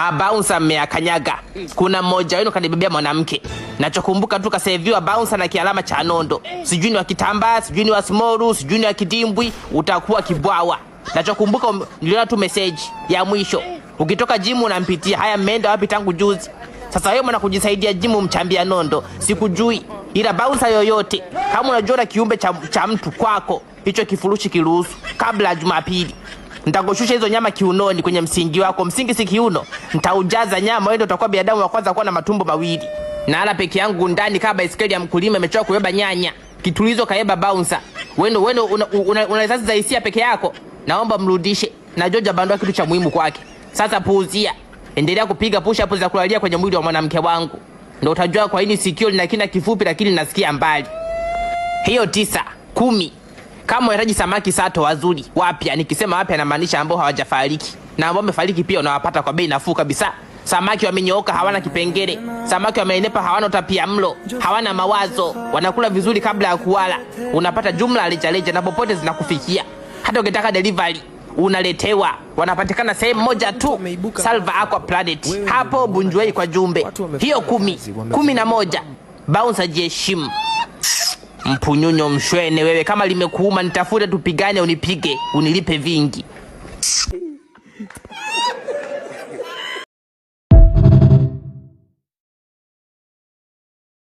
Bouncer mmeakanyaga. Kuna mmoja wenu kanibebea mwanamke. Nachokumbuka tu kaseviwa bouncer na kialama cha nondo. Sijui ni wa kitambaa, sijui ni wa smoru, sijui ni wa kidimbwi, utakuwa kibwawa. Nachokumbuka niliona tu message ya mwisho. Ukitoka jimu unampitia, haya mmeenda wapi tangu juzi? Sasa wewe mwana kujisaidia jimu mchambia nondo. Sikujui. Ila bouncer yoyote, kama unajiona kiumbe cha, cha mtu kwako, hicho kifurushi kiruhusu kabla ya Jumapili. Nitakushusha hizo nyama kiunoni kwenye msingi wako. Msingi si kiuno. Nitaujaza nyama, wewe ndio utakuwa binadamu wa kwanza kuwa na matumbo mawili. Naala peke yangu ndani kama baisikeli ya mkulima imechoka kubeba nyanya. Kitulizo kaeba bouncer. Wewe wewe una, una, una risasi za hisia peke yako. Naomba mrudishe. Na George Bandoa kitu cha muhimu kwake. Sasa puuzia. Endelea kupiga push up za kulalia kwenye mwili wa mwanamke wangu. Ndio utajua kwa nini sikio lina kina kifupi lakini nasikia mbali. Hiyo tisa, kumi. Kama unahitaji samaki sato wazuri wapya, nikisema wapya namaanisha ambao hawajafariki na ambao wamefariki pia unawapata kwa bei nafuu kabisa. Samaki wamenyooka, hawana kipengele. Samaki wameinepa, hawana utapia mlo, hawana mawazo, wanakula vizuri kabla ya kuwala. Unapata jumla rejareja na popote zinakufikia, hata ukitaka delivery unaletewa. Wanapatikana sehemu moja tu, Salva Aqua Planet hapo Bunjuei kwa Jumbe. Hiyo kumi kumi na moja, bounce ajiheshimu. Mpunyunyo mshwene wewe, kama limekuuma nitafute, tupigane, unipige unilipe vingi.